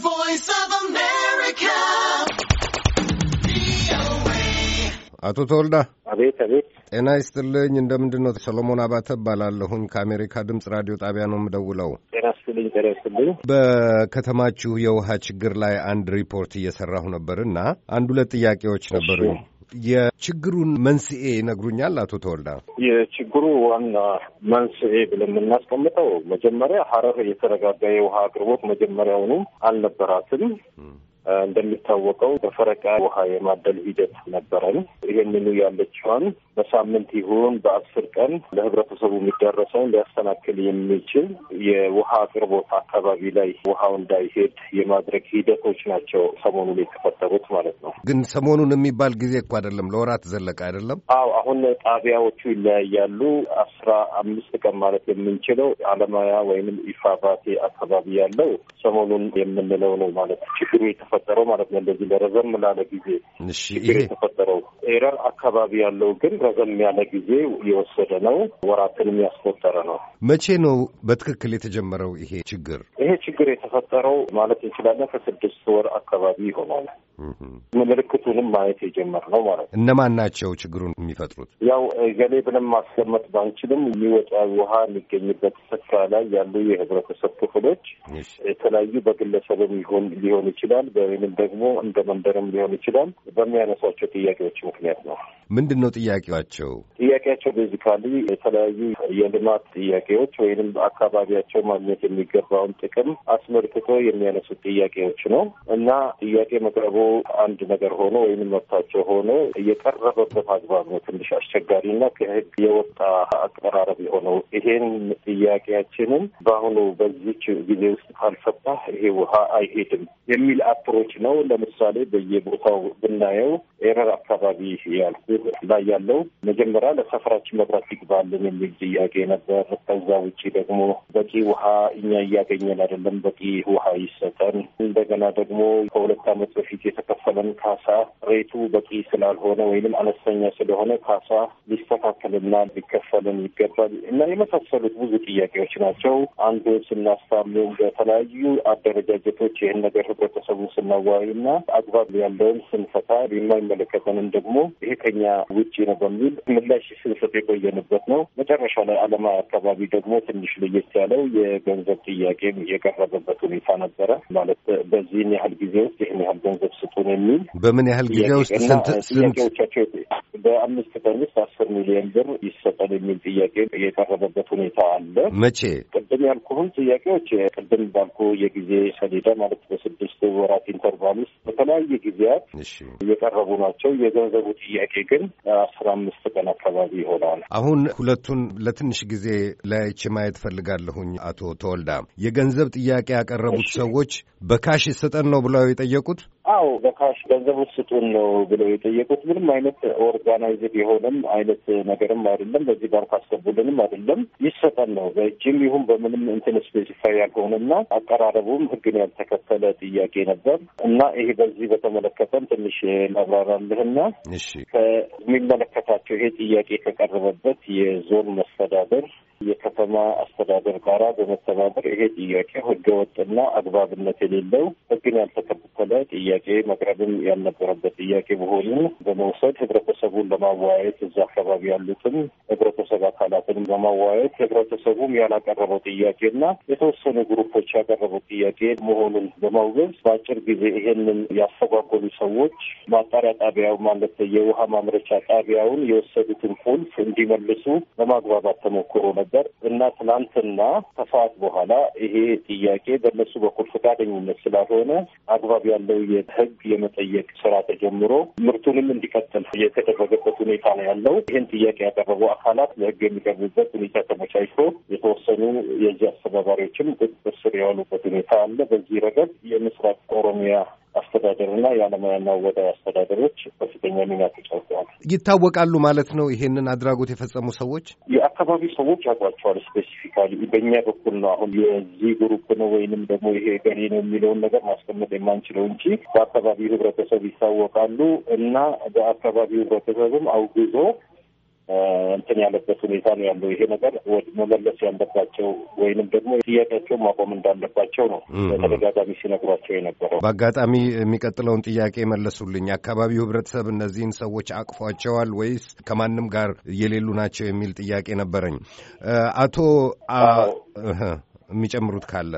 Voice of America. አቶ ተወልዳ አቤት አቤት። ጤና ይስጥልኝ። እንደምንድን ነው? ሰሎሞን አባተ እባላለሁኝ ከአሜሪካ ድምፅ ራዲዮ ጣቢያ ነው የምደውለው። ጤና ይስጥልኝ። ጤና ይስጥልኝ። በከተማችሁ የውሃ ችግር ላይ አንድ ሪፖርት እየሰራሁ ነበር አንድ ሁለት ጥያቄዎች ነበሩኝ። የችግሩን መንስኤ ይነግሩኛል አቶ ተወልዳ? የችግሩ ዋና መንስኤ ብለን የምናስቀምጠው መጀመሪያ ሀረር የተረጋጋ የውሃ አቅርቦት መጀመሪያውኑ አልነበራትም። እንደሚታወቀው በፈረቃ ውሃ የማደል ሂደት ነበረን። ይህንኑ ያለችዋን በሳምንት ይሁን በአስር ቀን ለህብረተሰቡ የሚደረሰውን ሊያስተናክል የሚችል የውሃ አቅርቦት አካባቢ ላይ ውሃው እንዳይሄድ የማድረግ ሂደቶች ናቸው ሰሞኑን የተፈጠሩት ማለት ነው። ግን ሰሞኑን የሚባል ጊዜ እኮ አይደለም፣ ለወራት ዘለቀ አይደለም። አዎ አሁን ጣቢያዎቹ ይለያያሉ። አስራ አምስት ቀን ማለት የምንችለው አለማያ ወይም ኢፋባቴ አካባቢ ያለው ሰሞኑን የምንለው ነው ማለት ችግሩ የተፈጠረው ማለት ነው። እንደዚህ ለረዘም ላለ ጊዜ የተፈጠረው ኤረር አካባቢ ያለው ግን ረዘም ያለ ጊዜ የወሰደ ነው። ወራትንም ያስቆጠረ ነው። መቼ ነው በትክክል የተጀመረው ይሄ ችግር? ይሄ ችግር የተፈጠረው ማለት እንችላለን ከስድስት ወር አካባቢ ይሆናል። ምልክቱንም ማየት ነው ማለት ነው። እነማን ናቸው ችግሩን የሚፈጥሩት? ያው ገሌ ብለን ማስቀመጥ ባንችልም የሚወጣ ውሃ የሚገኝበት ስፍራ ላይ ያሉ የህብረተሰብ ክፍሎች የተለያዩ በግለሰብም ሊሆን ይችላል፣ ወይንም ደግሞ እንደ መንደርም ሊሆን ይችላል። በሚያነሷቸው ጥያቄዎች ምክንያት ነው። ምንድን ነው ጥያቄያቸው? ጥያቄያቸው ቤዚካሊ የተለያዩ የልማት ጥያቄዎች ወይንም አካባቢያቸው ማግኘት የሚገባውን ጥቅም አስመልክቶ የሚያነሱት ጥያቄዎች ነው እና ጥያቄ መቅረቡ አንድ ነገር ሆኖ ወይም መብታቸው ሆኖ የቀረበበት አግባብ ነው ትንሽ አስቸጋሪና ከህግ የወጣ አቀራረብ የሆነው። ይሄን ጥያቄያችንን በአሁኑ በዚች ጊዜ ውስጥ ካልፈታ ይሄ ውሃ አይሄድም የሚል አፕሮች ነው። ለምሳሌ በየቦታው ብናየው ኤረር አካባቢ ያልኩ ላይ ያለው መጀመሪያ ለሰፈራችን መብራት ይግባልን የሚል ጥያቄ ነበር። ከዛ ውጭ ደግሞ በቂ ውሃ እኛ እያገኘን አይደለም፣ በቂ ውሃ ይሰጠን። እንደገና ደግሞ ከሁለት ዓመት በፊት የተከፈለን ካሳ ሬቱ በቂ ስላልሆነ ወይንም አነስተኛ ስለሆነ ካሳ ሊስተካከልና ሊከፈልን ይገባል እና የመሳሰሉት ብዙ ጥያቄዎች ናቸው። አንዱ ስናስታምም በተለያዩ አደረጃጀቶች ይህን ነገር ህብረተሰቡ ስናዋይና አግባብ ያለውን ስንፈታ የማይመለከተንም ደግሞ ይሄ ከኛ ውጭ ነው በሚል ምላሽ ስንሰጥ የቆየንበት ነው። መጨረሻ ላይ አለማ አካባቢ ደግሞ ትንሽ ለየት ያለው የገንዘብ ጥያቄም የቀረበበት ሁኔታ ነበረ። ማለት በዚህን ያህል ጊዜ ውስጥ ይህን ያህል ገንዘብ ስጡን የሚል በምን ያህል ጊዜ ውስጥ ስንት ጥያቄዎቻቸው በአምስት ቀን ውስጥ አስር ሚሊዮን ብር ይሰጠን የሚል ጥያቄ የቀረበበት ሁኔታ አለ። መቼ? ቅድም ያልኩህን ጥያቄዎች ቅድም ባልኩ የጊዜ ሰሌዳ ማለት በስድስት ወራት ኢንተርቫል ውስጥ በተለያየ ጊዜያት የቀረቡ ናቸው። የገንዘቡ ጥያቄ ግን አስራ አምስት ቀን አካባቢ ይሆናል። አሁን ሁለቱን ለትንሽ ጊዜ ለያይቼ ማየት ፈልጋለሁኝ። አቶ ተወልዳ የገንዘብ ጥያቄ ያቀረቡት ሰዎች በካሽ ይሰጠን ነው ብለው የጠየቁት አዎ በካሽ ገንዘቡ ስጡን ነው ብለው የጠየቁት። ምንም አይነት ኦርጋናይዝድ የሆነም አይነት ነገርም አይደለም። በዚህ ባንክ አስገቡልንም አይደለም ይሰጠን ነው። በእጅም ይሁን በምንም እንትን ስፔሲፋይ ያልሆነና አቀራረቡም ህግን ያልተከተለ ጥያቄ ነበር እና ይሄ በዚህ በተመለከተም ትንሽ ላብራራልህና ከሚመለከታቸው ይሄ ጥያቄ ከቀረበበት የዞን መስተዳደር የከተማ አስተዳደር ጋራ በመተባበር ይሄ ጥያቄ ህገወጥና አግባብነት የሌለው ህግን ያልተከተለ ጥያቄ መቅረብም ያልነበረበት ጥያቄ መሆኑን በመውሰድ ህብረተሰቡን ለማወያየት እዛ አካባቢ ያሉትም ህብረተሰብ አካላትን ለማወያየት ህብረተሰቡም ያላቀረበው ጥያቄና የተወሰኑ ግሩፖች ያቀረበው ጥያቄ መሆኑን በማውገዝ በአጭር ጊዜ ይሄንን ያስተጓጎሉ ሰዎች ማጣሪያ ጣቢያው ማለት የውሃ ማምረቻ ጣቢያውን የወሰዱትን ቁልፍ እንዲመልሱ ለማግባባት ተሞክሮ ነበር። ነበር እና ትናንትና ከሰዓት በኋላ ይሄ ጥያቄ በእነሱ በኩል ፈቃደኝነት ስላልሆነ አግባብ ያለው የህግ የመጠየቅ ስራ ተጀምሮ ምርቱንም እንዲቀጥል የተደረገበት ሁኔታ ነው ያለው። ይህን ጥያቄ ያቀረቡ አካላት ለህግ የሚቀርቡበት ሁኔታ ተመቻችቶ የተወሰኑ የዚህ አስተባባሪዎችም ቁጥጥር ስር የዋሉበት ሁኔታ አለ። በዚህ ረገድ የምስራቅ ኦሮሚያ አስተዳደርና የዓለማውያንና ወዳጅ አስተዳደሮች ከፍተኛ ሚና ተጫውተዋል። ይታወቃሉ ማለት ነው። ይሄንን አድራጎት የፈጸሙ ሰዎች የአካባቢ ሰዎች ያውቋቸዋል። ስፔሲፊካሊ በእኛ በኩል ነው። አሁን የዚህ ግሩፕ ነው ወይንም ደግሞ ይሄ ገሌ ነው የሚለውን ነገር ማስቀመጥ የማንችለው እንጂ በአካባቢው ህብረተሰብ ይታወቃሉ እና በአካባቢው ህብረተሰብም አውግዞ እንትን ያለበት ሁኔታ ነው ያለው። ይሄ ነገር መመለስ ያለባቸው ወይንም ደግሞ ጥያቄያቸው ማቆም እንዳለባቸው ነው በተደጋጋሚ ሲነግሯቸው የነበረው። በአጋጣሚ የሚቀጥለውን ጥያቄ መለሱልኝ። አካባቢው ህብረተሰብ እነዚህን ሰዎች አቅፏቸዋል ወይስ ከማንም ጋር የሌሉ ናቸው የሚል ጥያቄ ነበረኝ። አቶ የሚጨምሩት ካለ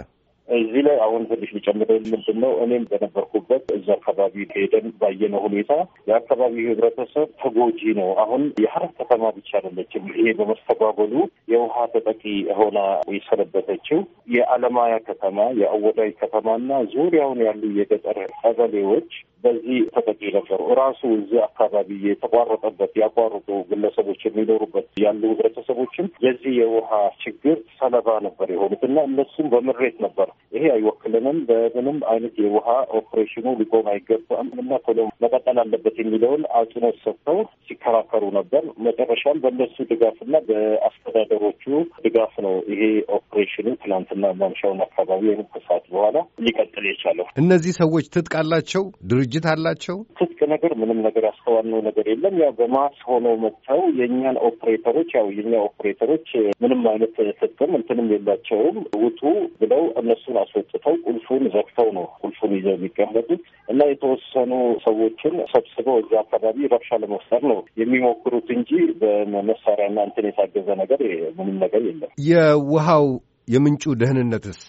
እዚህ ላይ አሁን ትንሽ ሊጨምረ ምንድን ነው እኔም በነበርኩበት እዛ አካባቢ ሄደን ባየነው ሁኔታ የአካባቢው ህብረተሰብ ተጎጂ ነው። አሁን የሀረር ከተማ ብቻ አይደለችም። ይሄ በመስተጓጎሉ የውሃ ተጠቂ ሆና የሰነበተችው የአለማያ ከተማ፣ የአወዳይ ከተማና ዙሪያውን ያሉ የገጠር ቀበሌዎች በዚህ ተጠቂ ነበሩ። ራሱ እዚህ አካባቢ የተቋረጠበት ያቋረጡ ግለሰቦች የሚኖሩበት ያሉ ህብረተሰቦችም የዚህ የውሃ ችግር ሰለባ ነበር የሆኑት እና እነሱም በምሬት ነበር ይሄ አይወክልንም፣ በምንም አይነት የውሃ ኦፕሬሽኑ ሊቆም አይገባም እና ቶሎ መቀጠል አለበት የሚለውን አጽንኦት ሰጥተው ሲከራከሩ ነበር። መጨረሻም በእነሱ ድጋፍና በአስተዳደሮቹ ድጋፍ ነው ይሄ ኦፕሬሽኑ ትናንትና ማምሻውን አካባቢ ወይም ከሰዓት በኋላ ሊቀጥል የቻለው። እነዚህ ሰዎች ትጥቅ አላቸው ድርጅ ዝግጅት አላቸው። ትጥቅ ነገር ምንም ነገር ያስተዋልነው ነገር የለም። ያው በማስ ሆነው መጥተው የእኛን ኦፕሬተሮች ያው የኛ ኦፕሬተሮች ምንም አይነት ትጥቅም እንትንም የላቸውም። ውጡ ብለው እነሱን አስወጥተው ቁልፉን ዘግተው ነው ቁልፉን ይዘው የሚቀመጡት እና የተወሰኑ ሰዎችን ሰብስበው እዛ አካባቢ ረብሻ ለመፍጠር ነው የሚሞክሩት እንጂ በመሳሪያና እንትን የታገዘ ነገር ምንም ነገር የለም። የውሃው የምንጩ ደህንነትስ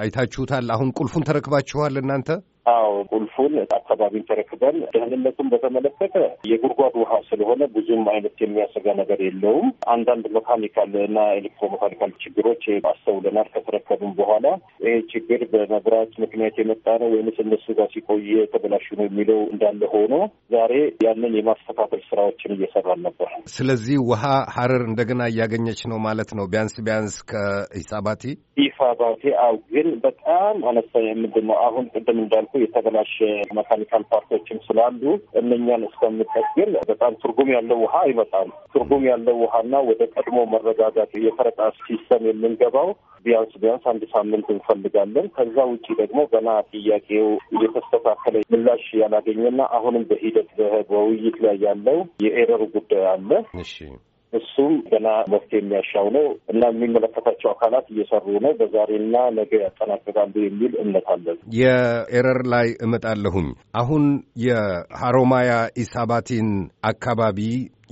አይታችሁታል? አሁን ቁልፉን ተረክባችኋል እናንተ? አዎ ቁልፉን አካባቢን ተረክበን ደህንነቱን በተመለከተ የጉድጓድ ውሃ ስለሆነ ብዙም አይነት የሚያሰጋ ነገር የለውም። አንዳንድ መካኒካል እና ኤሌክትሮ መካኒካል ችግሮች አስተውለናል። ከተረከብን በኋላ ይህ ችግር በመብራት ምክንያት የመጣ ነው ወይም እነሱ ጋር ሲቆየ ተበላሹ ነው የሚለው እንዳለ ሆኖ ዛሬ ያንን የማስተካከል ስራዎችን እየሰራን ነበር። ስለዚህ ውሃ ሀረር እንደገና እያገኘች ነው ማለት ነው። ቢያንስ ቢያንስ ከኢሳባቲ ኢሳባቲ አው ግን በጣም አነስተኛ ምንድን ነው አሁን ቅድም እንዳልኩ የተበላሸ መካኒካል ፓርቶችም ስላሉ እነኛን እስከምጠግን በጣም ትርጉም ያለው ውሃ አይመጣም። ትርጉም ያለው ውሃና ወደ ቀድሞ መረጋጋት የፈረቃ ሲስተም የምንገባው ቢያንስ ቢያንስ አንድ ሳምንት እንፈልጋለን። ከዛ ውጭ ደግሞ ገና ጥያቄው እየተስተካከለ ምላሽ ያላገኘና አሁንም በሂደት በውይይት ላይ ያለው የኤረሩ ጉዳይ አለ። እሱ ገና መፍትሄ የሚያሻው ነው እና የሚመለከታቸው አካላት እየሰሩ ነው። በዛሬና ነገ ያጠናቅቃሉ የሚል እምነት አለን። የኤረር ላይ እመጣለሁኝ። አሁን የሀሮማያ ኢሳባቲን አካባቢ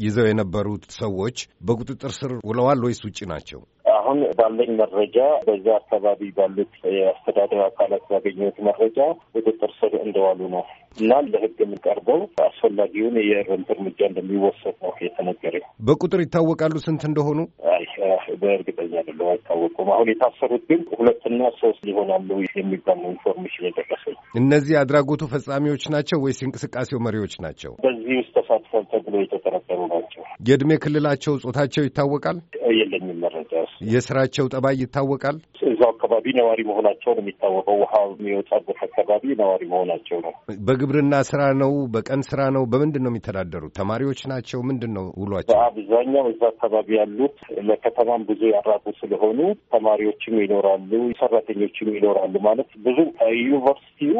ይዘው የነበሩት ሰዎች በቁጥጥር ስር ውለዋል ወይስ ውጭ ናቸው? አሁን ባለኝ መረጃ በዛ አካባቢ ባሉት የአስተዳደር አካላት ባገኘት መረጃ ቁጥጥር ስር እንደዋሉ ነው እና ለህግ የምንቀርበው አስፈላጊውን የእርምት እርምጃ እንደሚወሰድ ነው የተነገረኝ። በቁጥር ይታወቃሉ ስንት እንደሆኑ? አይ በእርግጠኛ አይደለሁም፣ አይታወቁም። አሁን የታሰሩት ግን ሁለትና ሶስት ሊሆናሉ የሚባል ነው ኢንፎርሜሽን የደረሰኝ። እነዚህ አድራጎቱ ፈጻሚዎች ናቸው ወይስ እንቅስቃሴው መሪዎች ናቸው? በዚህ ውስጥ ተሳትፏል ተብሎ የተጠረጠሩ ናቸው። የእድሜ ክልላቸው፣ ጾታቸው ይታወቃል? የለኝም መረጃ ድረስ የስራቸው ጠባይ ይታወቃል። እዛው አካባቢ ነዋሪ መሆናቸው ነው የሚታወቀው። ውሃ የሚወጣበት አካባቢ ነዋሪ መሆናቸው ነው። በግብርና ስራ ነው፣ በቀን ስራ ነው፣ በምንድን ነው የሚተዳደሩት? ተማሪዎች ናቸው? ምንድን ነው ውሏቸው? አብዛኛው እዛ አካባቢ ያሉት ለከተማም ብዙ ያራቁ ስለሆኑ ተማሪዎችም ይኖራሉ፣ ሰራተኞችም ይኖራሉ። ማለት ብዙ ዩኒቨርሲቲው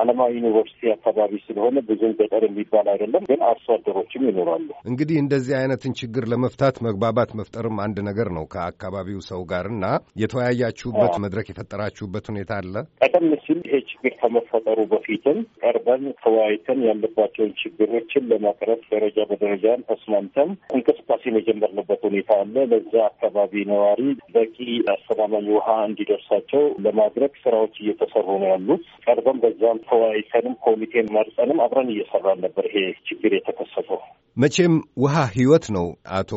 አለማዊ ዩኒቨርሲቲ አካባቢ ስለሆነ ብዙም ገጠር የሚባል አይደለም፣ ግን አርሶ አደሮችም ይኖራሉ። እንግዲህ እንደዚህ አይነትን ችግር ለመፍታት መግባባት መፍጠርም አንድ ነገር ነው ከአካባቢው ሰው ጋር እና የተወያያችሁበት መድረክ የፈጠራችሁበት ሁኔታ አለ። ቀደም ሲል ይሄ ችግር ከመፈጠሩ በፊትም ቀርበን ተወያይተን ያለባቸውን ችግሮችን ለማቅረብ ደረጃ በደረጃን ተስማምተን እንቅስቃሴ የጀመርንበት ሁኔታ አለ። ለዛ አካባቢ ነዋሪ በቂ አስተማማኝ ውሃ እንዲደርሳቸው ለማድረግ ስራዎች እየተሰሩ ነው ያሉት። ቀርበን በዛም ተወያይተንም ኮሚቴን መርጠንም አብረን እየሰራን ነበር ይሄ ችግር የተከሰተው። መቼም ውሃ ህይወት ነው። አቶ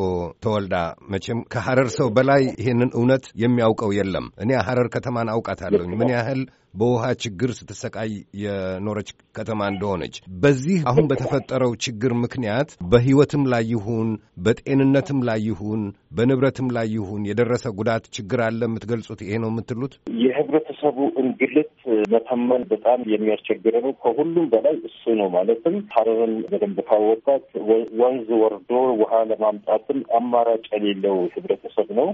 ተወልዳ መቼም ከሐረር ሰው በላይ ይህንን እውነት የሚያውቀው የለም። እኔ ሐረር ከተማን አውቃታለሁኝ ምን ያህል በውሃ ችግር ስትሰቃይ የኖረች ከተማ እንደሆነች በዚህ አሁን በተፈጠረው ችግር ምክንያት በሕይወትም ላይ ይሁን በጤንነትም ላይ ይሁን በንብረትም ላይ ይሁን የደረሰ ጉዳት ችግር አለ የምትገልጹት ይሄ ነው የምትሉት? የህብረተሰቡ እንግልት መተመን በጣም የሚያስቸግር ነው። ከሁሉም በላይ እሱ ነው። ማለትም ሀረርን በደንብ ካወጣት ወንዝ ወርዶ ውሃ ለማምጣትም አማራጭ የሌለው ህብረተሰብ ነው።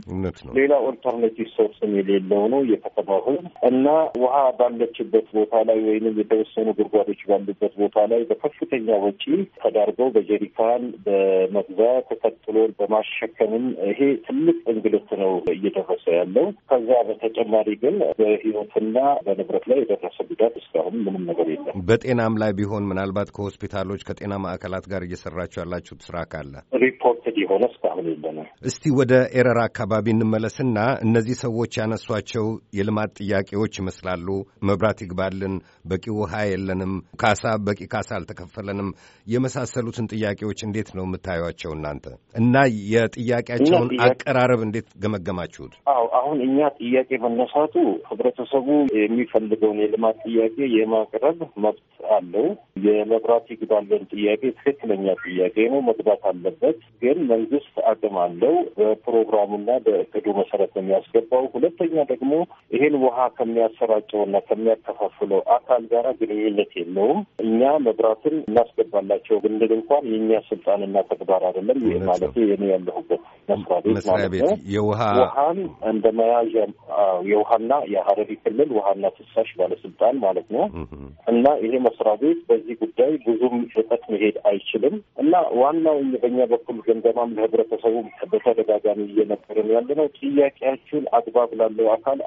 ሌላ ኦልተርኔቲቭ ሶርስም የሌለው ነው የከተማው ህዝብ እና ውሃ ባለችበት ቦታ ላይ ወይንም የተወሰኑ ጉድጓዶች ባሉበት ቦታ ላይ በከፍተኛ ወጪ ተዳርገው በጀሪካን በመግዛት ተቀጥሎ በማሸከምም ይሄ ትልቅ እንግልት ነው እየደረሰ ያለው። ከዛ በተጨማሪ ግን በህይወትና በንብረት ላይ የደረሰ ጉዳት እስካሁን ምንም ነገር የለም። በጤናም ላይ ቢሆን ምናልባት ከሆስፒታሎች ከጤና ማዕከላት ጋር እየሰራችሁ ያላችሁት ስራ ካለ ሪፖርትድ የሆነ እስካሁን የለንም። እስቲ ወደ ኤረር አካባቢ እንመለስና እነዚህ ሰዎች ያነሷቸው የልማት ጥያቄዎች ይመስላሉ መብራት ይግባልን፣ በቂ ውሃ የለንም፣ ካሳ በቂ ካሳ አልተከፈለንም የመሳሰሉትን ጥያቄዎች እንዴት ነው የምታዩቸው እናንተ እና የጥያቄያቸውን አቀራረብ እንዴት ገመገማችሁት? አዎ አሁን እኛ ጥያቄ መነሳቱ ህብረተሰቡ የሚፈልገውን የልማት ጥያቄ የማቅረብ መብት አለው። የመብራት ይግባልን ጥያቄ ትክክለኛ ጥያቄ ነው፣ መግባት አለበት። ግን መንግስት አቅም አለው በፕሮግራሙና በእቅዱ መሰረት ነው የሚያስገባው። ሁለተኛ ደግሞ ይሄን ውሃ ከሚያሰራጨው እና ከሚያከፋፍለው አካል ጋር ግንኙነት የለውም። እኛ መብራትን እናስገባላቸው ብንል እንኳን የእኛ ስልጣንና ተግባር አይደለም። ይህ ማለት የኔ ያለሁበት መስሪያ ቤት ማለት ነው። የውሃ ውሃን እንደ መያዣ የውሃና የሀረሪ ክልል ውሃና ፍሳሽ ባለስልጣን ማለት ነው እና ይሄ መስሪያ ቤት በዚህ ጉዳይ ብዙም ርቀት መሄድ አይችልም እና ዋናው በኛ በኩል ገንዘማም ለህብረተሰቡ በተደጋጋሚ እየነበርን ያለ ነው። ጥያቄያችሁን አግባብ ላለው አካል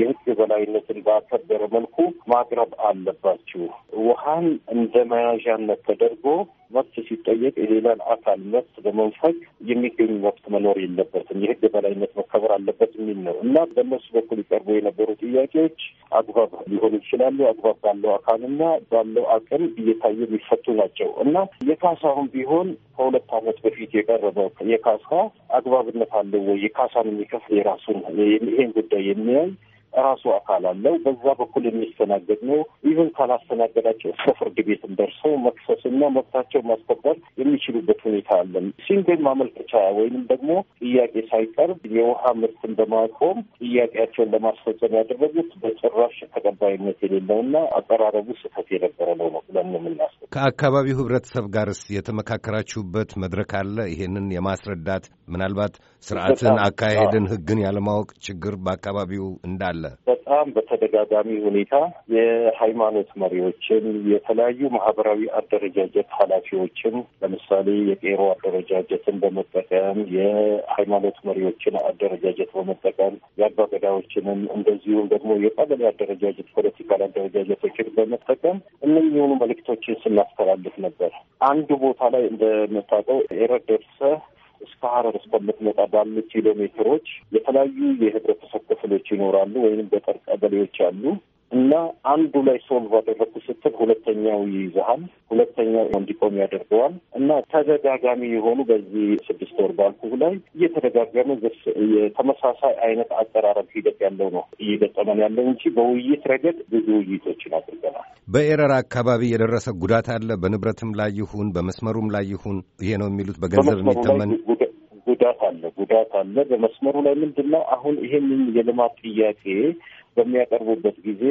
የህግ በላይነትን በአካል ባላሰደረ መልኩ ማቅረብ አለባችሁ። ውሃን እንደ መያዣነት ተደርጎ መብት ሲጠየቅ የሌላን አካል መብት በመንፈግ የሚገኙ መብት መኖር የለበትም፣ የህግ በላይነት መከበር አለበት የሚል ነው እና በእነሱ በኩል ይቀርቡ የነበሩ ጥያቄዎች አግባብ ሊሆኑ ይችላሉ። አግባብ ባለው አካልና ባለው አቅም እየታየ የሚፈቱ ናቸው እና የካሳሁን ቢሆን ከሁለት ዓመት በፊት የቀረበው የካሳ አግባብነት አለው ወይ? የካሳን የሚከፍል የራሱን ይሄን ጉዳይ የሚያይ ራሱ አካል አለው። በዛ በኩል የሚስተናገድ ነው። ኢቨን ካላስተናገዳቸው እስከ ፍርድ ቤትም ደርሰው መክሰስ እና መብታቸው ማስከበር የሚችሉበት ሁኔታ አለን። ሲንግል ማመልከቻ ወይንም ደግሞ ጥያቄ ሳይቀርብ የውሃ ምርትን በማቆም ጥያቄያቸውን ለማስፈጸም ያደረጉት በጭራሽ ተቀባይነት የሌለው እና አቀራረቡ ስህተት የነበረ ነው ነው ብለን የምናስበው። ከአካባቢው ህብረተሰብ ጋርስ የተመካከራችሁበት መድረክ አለ? ይሄንን የማስረዳት ምናልባት ስርዓትን፣ አካሄድን፣ ህግን ያለማወቅ ችግር በአካባቢው እንዳለ በጣም በተደጋጋሚ ሁኔታ የሃይማኖት መሪዎችን የተለያዩ ማህበራዊ አደረጃጀት ኃላፊዎችን ለምሳሌ የቄሮ አደረጃጀትን በመጠቀም የሃይማኖት መሪዎችን አደረጃጀት በመጠቀም የአባገዳዎችንም እንደዚሁም ደግሞ የቀበሌ አደረጃጀት ፖለቲካል አደረጃጀቶችን በመጠቀም እነኝ የሆኑ መልእክቶችን ስናስተላልፍ ነበር። አንድ ቦታ ላይ እንደምታውቀው ኤረር እስከ ሀረር እስከምትመጣ ባሉት ኪሎ ሜትሮች የተለያዩ የህብረተሰብ ክፍሎች ይኖራሉ፣ ወይም ገጠር ቀበሌዎች አሉ እና አንዱ ላይ ሶልቭ አደረግኩ ስትል ሁለተኛው ይይዝሃል፣ ሁለተኛው እንዲቆም ያደርገዋል እና ተደጋጋሚ የሆኑ በዚህ ስድስት ወር ባልኩ ላይ እየተደጋገመ የተመሳሳይ አይነት አቀራረብ ሂደት ያለው ነው እየገጠመን ያለው እንጂ በውይይት ረገድ ብዙ ውይይቶችን አድርገናል። በኤረር አካባቢ የደረሰ ጉዳት አለ? በንብረትም ላይ ይሁን በመስመሩም ላይ ይሁን ይሄ ነው የሚሉት በገንዘብ የሚተመን ጉዳት አለ? ጉዳት አለ። በመስመሩ ላይ ምንድን ነው አሁን ይሄንን የልማት ጥያቄ በሚያቀርቡበት ጊዜ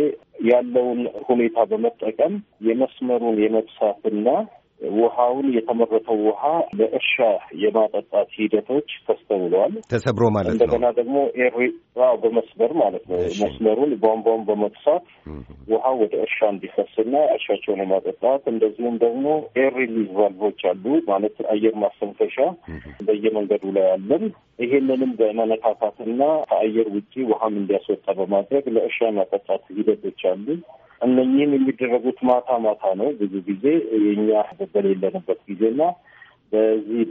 ያለውን ሁኔታ በመጠቀም የመስመሩን የመብሳትና ውሃውን የተመረተው ውሃ ለእርሻ የማጠጣት ሂደቶች ተስተውለዋል። ተሰብሮ ማለት ነው። እንደገና ደግሞ ኤሪ በመስመር ማለት ነው። መስመሩን ቧንቧን በመቅሳት ውሃ ወደ እርሻ እንዲፈስና እርሻቸውን የማጠጣት እንደዚሁም ደግሞ ኤር ሪሊዝ ቫልቮች አሉ ማለት አየር ማስተንፈሻ በየመንገዱ ላይ አለን። ይሄንንም በመነካካትና ከአየር ውጪ ውሃም እንዲያስወጣ በማድረግ ለእርሻ የማጠጣት ሂደቶች አሉ። እነኚህም የሚደረጉት ማታ ማታ ነው። ብዙ ጊዜ የእኛ በሌለንበት ጊዜና በዚህ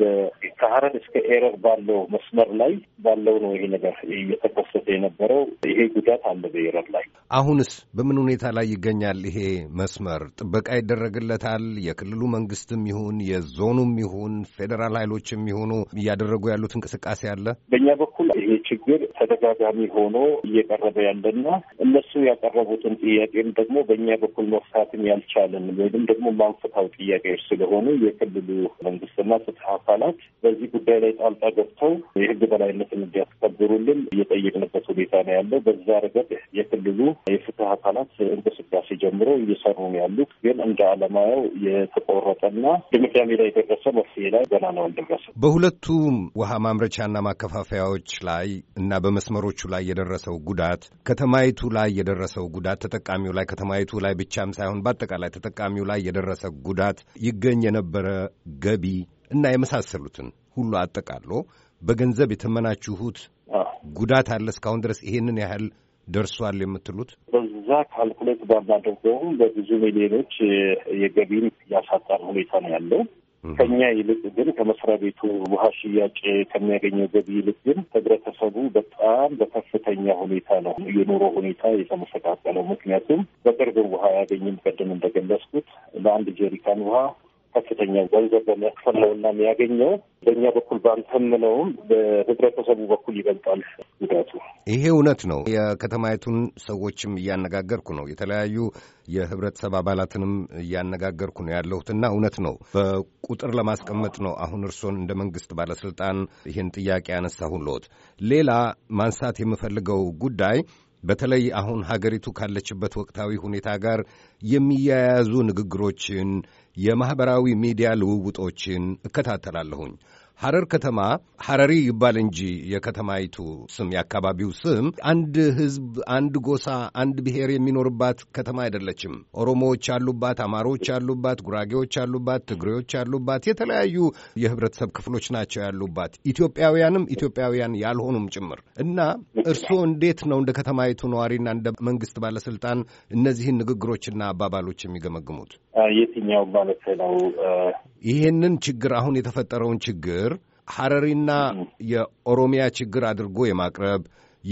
ከሀረር እስከ ኤረር ባለው መስመር ላይ ባለው ነው ይሄ ነገር እየተከሰተ የነበረው። ይሄ ጉዳት አለ በኤረር ላይ። አሁንስ በምን ሁኔታ ላይ ይገኛል ይሄ መስመር? ጥበቃ ይደረግለታል? የክልሉ መንግስትም ይሁን የዞኑም ይሁን ፌዴራል ኃይሎችም ይሁኑ እያደረጉ ያሉት እንቅስቃሴ አለ? በእኛ በኩል ይሄ ችግር ተደጋጋሚ ሆኖ እየቀረበ ያለና እነሱ ያቀረቡትን ጥያቄም ደግሞ በእኛ በኩል መፍታትም ያልቻለን ወይም ደግሞ ማንፈታው ጥያቄዎች ስለሆኑ የክልሉ መንግስት እና ፍትህ አካላት በዚህ ጉዳይ ላይ ጣልቃ ገብተው የህግ በላይነትን እንዲያስከብሩልን እየጠየቅንበት ሁኔታ ነው ያለው። በዛ ረገድ የክልሉ የፍትህ አካላት እንቅስቃሴ ጀምሮ እየሰሩ ነው ያሉት። ግን እንደ አለማየው የተቆረጠና ድምዳሜ ላይ የደረሰ መፍትሄ ላይ ገና ነው እንደረሰ በሁለቱም ውሃ ማምረቻና ማከፋፈያዎች ላይ እና በመስመሮቹ ላይ የደረሰው ጉዳት ከተማይቱ ላይ የደረሰው ጉዳት ተጠቃሚው ላይ ከተማይቱ ላይ ብቻም ሳይሆን በአጠቃላይ ተጠቃሚው ላይ የደረሰ ጉዳት ይገኝ የነበረ ገቢ እና የመሳሰሉትን ሁሉ አጠቃሎ በገንዘብ የተመናችሁት ጉዳት አለ እስካሁን ድረስ ይሄንን ያህል ደርሷል የምትሉት በዛ ካልኩሌት ባናደርገውም በብዙ ሚሊዮኖች የገቢን ያሳጣን ሁኔታ ነው ያለው። ከኛ ይልቅ ግን ከመስሪያ ቤቱ ውሃ ሽያጭ ከሚያገኘው ገቢ ይልቅ ግን ህብረተሰቡ በጣም በከፍተኛ ሁኔታ ነው የኑሮ ሁኔታ የተመሰቃቀለው። ምክንያቱም በቅርብ ውሃ አያገኝም። ቀድም እንደገለጽኩት ለአንድ ጀሪካን ውሃ ከፍተኛ ገንዘብ በመክፈል ነው እና የሚያገኘው። በእኛ በኩል ባልተምነውም በህብረተሰቡ በኩል ይበልጣል ጉዳቱ። ይሄ እውነት ነው። የከተማይቱን ሰዎችም እያነጋገርኩ ነው። የተለያዩ የህብረተሰብ አባላትንም እያነጋገርኩ ነው ያለሁትና እውነት ነው። በቁጥር ለማስቀመጥ ነው አሁን እርሶን እንደ መንግስት ባለስልጣን ይህን ጥያቄ ያነሳሁን ልዎት። ሌላ ማንሳት የምፈልገው ጉዳይ በተለይ አሁን ሀገሪቱ ካለችበት ወቅታዊ ሁኔታ ጋር የሚያያዙ ንግግሮችን የማኅበራዊ ሚዲያ ልውውጦችን እከታተላለሁኝ። ሐረር ከተማ ሐረሪ ይባል እንጂ የከተማይቱ ስም የአካባቢው ስም አንድ ህዝብ አንድ ጎሳ፣ አንድ ብሔር የሚኖርባት ከተማ አይደለችም። ኦሮሞዎች አሉባት፣ አማሮች አሉባት፣ ጉራጌዎች አሉባት፣ ትግሬዎች አሉባት፣ የተለያዩ የህብረተሰብ ክፍሎች ናቸው ያሉባት፣ ኢትዮጵያውያንም ኢትዮጵያውያን ያልሆኑም ጭምር እና እርስዎ እንዴት ነው እንደ ከተማይቱ ነዋሪና እንደ መንግስት ባለስልጣን እነዚህን ንግግሮችና አባባሎች የሚገመግሙት? የትኛው ማለት ነው ይሄንን ችግር አሁን የተፈጠረውን ችግር ሐረሪና የኦሮሚያ ችግር አድርጎ የማቅረብ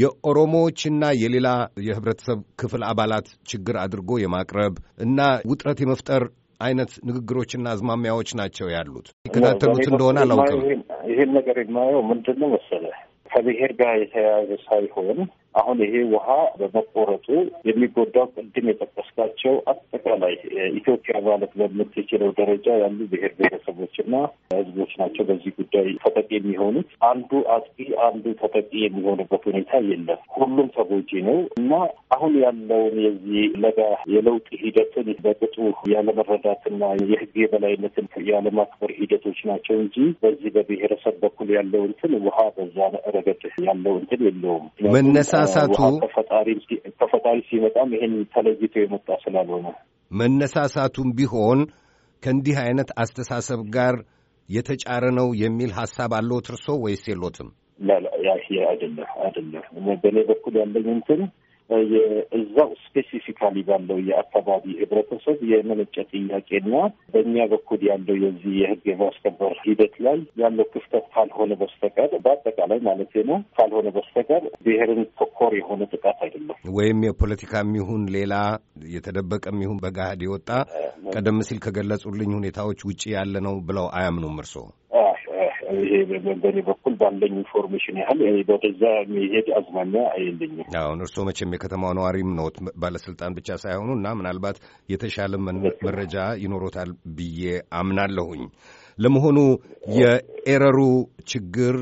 የኦሮሞዎችና የሌላ የህብረተሰብ ክፍል አባላት ችግር አድርጎ የማቅረብ እና ውጥረት የመፍጠር አይነት ንግግሮችና አዝማሚያዎች ናቸው ያሉት። ይከታተሉት እንደሆነ አላውቅም። ይህን ነገር የማየው ምንድን ነው መሰለህ ከብሔር ጋር የተያያዘ ሳይሆን አሁን ይሄ ውሃ በመቆረጡ የሚጎዳው ቅድም የጠቀስካቸው አጠቃላይ ኢትዮጵያ ማለት በምትችለው ደረጃ ያሉ ብሔር ብሔረሰቦችና ሕዝቦች ናቸው። በዚህ ጉዳይ ተጠቂ የሚሆኑት አንዱ አጥቂ አንዱ ተጠቂ የሚሆንበት ሁኔታ የለም። ሁሉም ተጎጂ ነው እና አሁን ያለውን የዚህ ለጋ የለውጥ ሂደትን በቅጡ ያለመረዳትና የሕግ የበላይነትን ያለማክበር ሂደቶች ናቸው እንጂ በዚህ በብሔረሰብ በኩል ያለው እንትን ውሃ በዛ ረገድ ያለው እንትን የለውም መነሳ መነሳሳቱ ተፈጣሪ ሲመጣም ይሄን ተለይቶ የመጣ ስላልሆነ መነሳሳቱም ቢሆን ከእንዲህ አይነት አስተሳሰብ ጋር የተጫረ ነው የሚል ሀሳብ አለዎት እርሶ ወይስ የሎትም? ያ አይደለም አይደለም። በእኔ በኩል ያለኝ እንትን እዛው ስፔሲፊካሊ ባለው የአካባቢ ህብረተሰብ የመነጨ ጥያቄና በእኛ በኩል ያለው የዚህ የህግ የማስከበር ሂደት ላይ ያለው ክፍተት ካልሆነ በስተቀር በአጠቃላይ ማለት ነው ካልሆነ በስተቀር ብሔርን ተኮር የሆነ ጥቃት አይደለም ወይም የፖለቲካ ይሁን ሌላ የተደበቀ ይሁን በገሃድ የወጣ ቀደም ሲል ከገለጹልኝ ሁኔታዎች ውጭ ያለ ነው ብለው አያምኑም እርስዎ? ይሄ በእኔ በኩል ባለኝ ኢንፎርሜሽን ያህል በዛ የሚሄድ አዝማሚያ የለኝም። አሁን እርስዎ መቼም የከተማው ነዋሪም ኖት ባለስልጣን ብቻ ሳይሆኑ እና ምናልባት የተሻለ መረጃ ይኖሮታል ብዬ አምናለሁኝ። ለመሆኑ የኤረሩ ችግር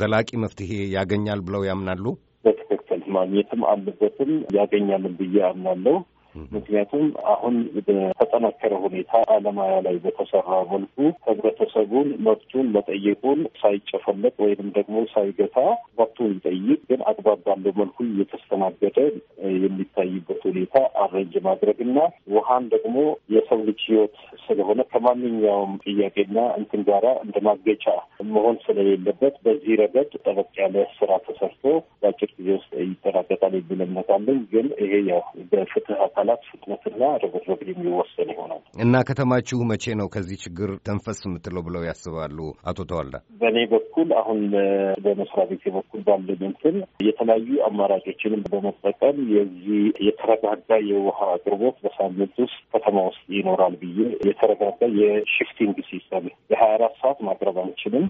ዘላቂ መፍትሄ ያገኛል ብለው ያምናሉ? በትክክል ማግኘትም አለበትም ያገኛልን ብዬ አምናለሁ። ምክንያቱም አሁን በተጠናከረ ሁኔታ አለማያ ላይ በተሰራ መልኩ ህብረተሰቡን መብቱን መጠየቁን ሳይጨፈለቅ ወይንም ደግሞ ሳይገታ መብቱን ይጠይቅ ግን አግባብ ባለው መልኩ እየተስተናገደ የሚታይበት ሁኔታ አረንጅ ማድረግና ውሀን ደግሞ የሰው ልጅ ህይወት ስለሆነ ከማንኛውም ጥያቄና እንትን ጋራ እንደ ማገቻ መሆን ስለሌለበት በዚህ ረገድ ጠበቅ ያለ ስራ ተሰርቶ በአጭር ጊዜ ውስጥ ይጠናቀቃል የሚል እምነት ግን ይሄ ያው በፍትህ አካላት ፍጥነትና ርብርብ የሚወሰን ይሆናል እና ከተማችሁ መቼ ነው ከዚህ ችግር ተንፈስ የምትለው ብለው ያስባሉ አቶ ተዋልዳ? በእኔ በኩል አሁን በመስሪያ ቤቴ በኩል ባለን እንትን የተለያዩ አማራጮችንም በመጠቀም የዚህ የተረጋጋ የውሃ አቅርቦት በሳምንት ውስጥ ከተማ ውስጥ ይኖራል ብዬ የተረጋጋ የሽፍቲንግ ሲስተም የሀያ አራት ሰዓት ማቅረብ አንችልም።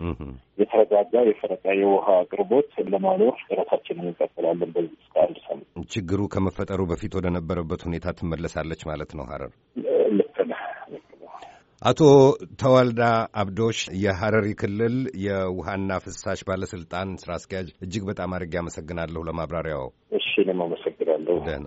የተረጋጋ የፈረቃ የውሃ አቅርቦት ለማኖር ጥረታችንን እንቀጥላለን። በዚህ እስከ አንድ ሳምንት ችግሩ ከመፈጠሩ በፊት ወደ ነበረበት ሁኔታ ሁኔታ ትመለሳለች ማለት ነው ሀረር። አቶ ተዋልዳ አብዶሽ የሐረሪ ክልል የውሃና ፍሳሽ ባለስልጣን ስራ አስኪያጅ፣ እጅግ በጣም አድርጌ አመሰግናለሁ ለማብራሪያው። እሺ፣ እኔም አመሰግናለሁ። ደህና